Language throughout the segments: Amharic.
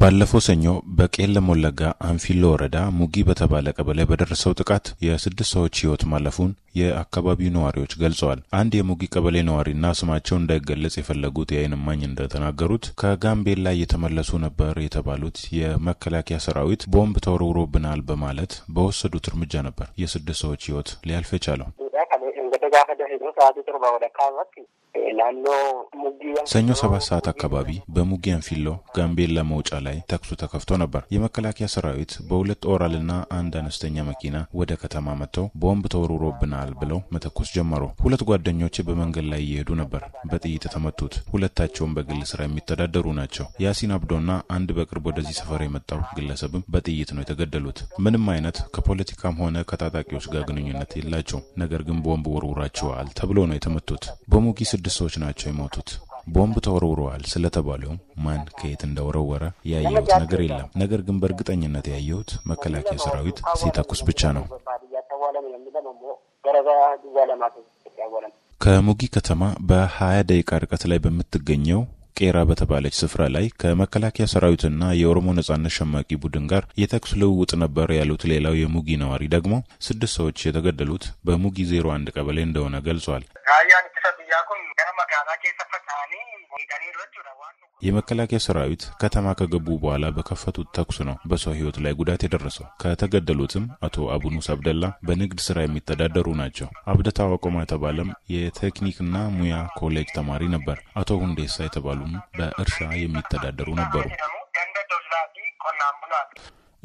ባለፈው ሰኞ በቄለም ወለጋ አንፊሎ ወረዳ ሙጊ በተባለ ቀበሌ በደረሰው ጥቃት የስድስት ሰዎች ሕይወት ማለፉን የአካባቢው ነዋሪዎች ገልጸዋል። አንድ የሙጊ ቀበሌ ነዋሪና ስማቸው እንዳይገለጽ የፈለጉት የዓይን እማኝ እንደተናገሩት ከጋምቤላ እየተመለሱ ነበር የተባሉት የመከላከያ ሰራዊት ቦምብ ተወርውሮብናል በማለት በወሰዱት እርምጃ ነበር የስድስት ሰዎች ሕይወት ሊያልፍ የቻለው። ሰኞ ሰባት ሰዓት አካባቢ በሙጊ አንፊሎ ጋምቤላ መውጫ ላይ ተኩሱ ተከፍቶ ነበር። የመከላከያ ሰራዊት በሁለት ኦራልና አንድ አነስተኛ መኪና ወደ ከተማ መጥተው ቦምብ ተወርውሮብናል ብለው መተኮስ ጀመሩ። ሁለት ጓደኞች በመንገድ ላይ እየሄዱ ነበር በጥይት የተመቱት። ሁለታቸውም በግል ስራ የሚተዳደሩ ናቸው። ያሲን አብዶና አንድ በቅርብ ወደዚህ ሰፈር የመጣው ግለሰብም በጥይት ነው የተገደሉት። ምንም አይነት ከፖለቲካም ሆነ ከታጣቂዎች ጋር ግንኙነት የላቸው። ነገር ግን ቦምብ ወርውራ ተወርውራችኋል ተብሎ ነው የተመቱት። በሙጊ ስድስት ሰዎች ናቸው የሞቱት። ቦምብ ተወርውረዋል ስለተባለውም ማን ከየት እንደወረወረ ያየሁት ነገር የለም። ነገር ግን በእርግጠኝነት ያየሁት መከላከያ ሰራዊት ሲተኩስ ብቻ ነው። ከሙጊ ከተማ በ20 ደቂቃ ርቀት ላይ በምትገኘው ቄራ በተባለች ስፍራ ላይ ከመከላከያ ሰራዊትና የኦሮሞ ነጻነት ሸማቂ ቡድን ጋር የተኩስ ልውውጥ ነበር ያሉት ሌላው የሙጊ ነዋሪ ደግሞ ስድስት ሰዎች የተገደሉት በሙጊ ዜሮ አንድ ቀበሌ እንደሆነ ገልጿል። የመከላከያ ሰራዊት ከተማ ከገቡ በኋላ በከፈቱት ተኩስ ነው በሰው ህይወት ላይ ጉዳት የደረሰው። ከተገደሉትም አቶ አቡኑስ አብደላ በንግድ ስራ የሚተዳደሩ ናቸው። አብደታ ዋቆማ የተባለም የቴክኒክና ሙያ ኮሌጅ ተማሪ ነበር። አቶ ሁንዴሳ የተባሉም በእርሻ የሚተዳደሩ ነበሩ።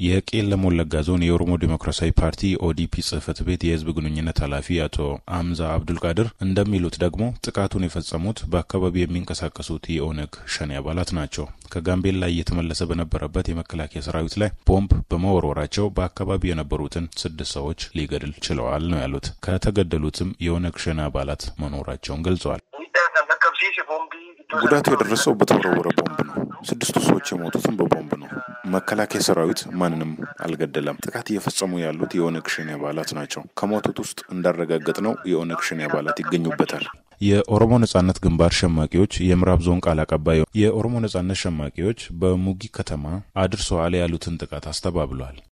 የቄለም ወለጋ ዞን የኦሮሞ ዴሞክራሲያዊ ፓርቲ ኦዲፒ ጽህፈት ቤት የህዝብ ግንኙነት ኃላፊ አቶ አምዛ አብዱልቃድር እንደሚሉት ደግሞ ጥቃቱን የፈጸሙት በአካባቢው የሚንቀሳቀሱት የኦነግ ሸኔ አባላት ናቸው። ከጋምቤላ እየተመለሰ በነበረበት የመከላከያ ሰራዊት ላይ ቦምብ በመወርወራቸው በአካባቢው የነበሩትን ስድስት ሰዎች ሊገድል ችለዋል ነው ያሉት። ከተገደሉትም የኦነግ ሸኔ አባላት መኖራቸውን ገልጸዋል። ጉዳቱ የደረሰው በተወረወረ ቦምብ ነው። ስድስቱ ሰዎች የሞቱትም በቦምብ ነው። መከላከያ ሰራዊት ማንንም አልገደለም። ጥቃት እየፈጸሙ ያሉት የኦነግ ሸኔ አባላት ናቸው። ከሞቱት ውስጥ እንዳረጋገጥ ነው የኦነግ ሸኔ አባላት ይገኙበታል። የኦሮሞ ነጻነት ግንባር ሸማቂዎች የምዕራብ ዞን ቃል አቀባይ የኦሮሞ ነጻነት ሸማቂዎች በሙጊ ከተማ አድርሰዋል ያሉትን ጥቃት አስተባብሏል።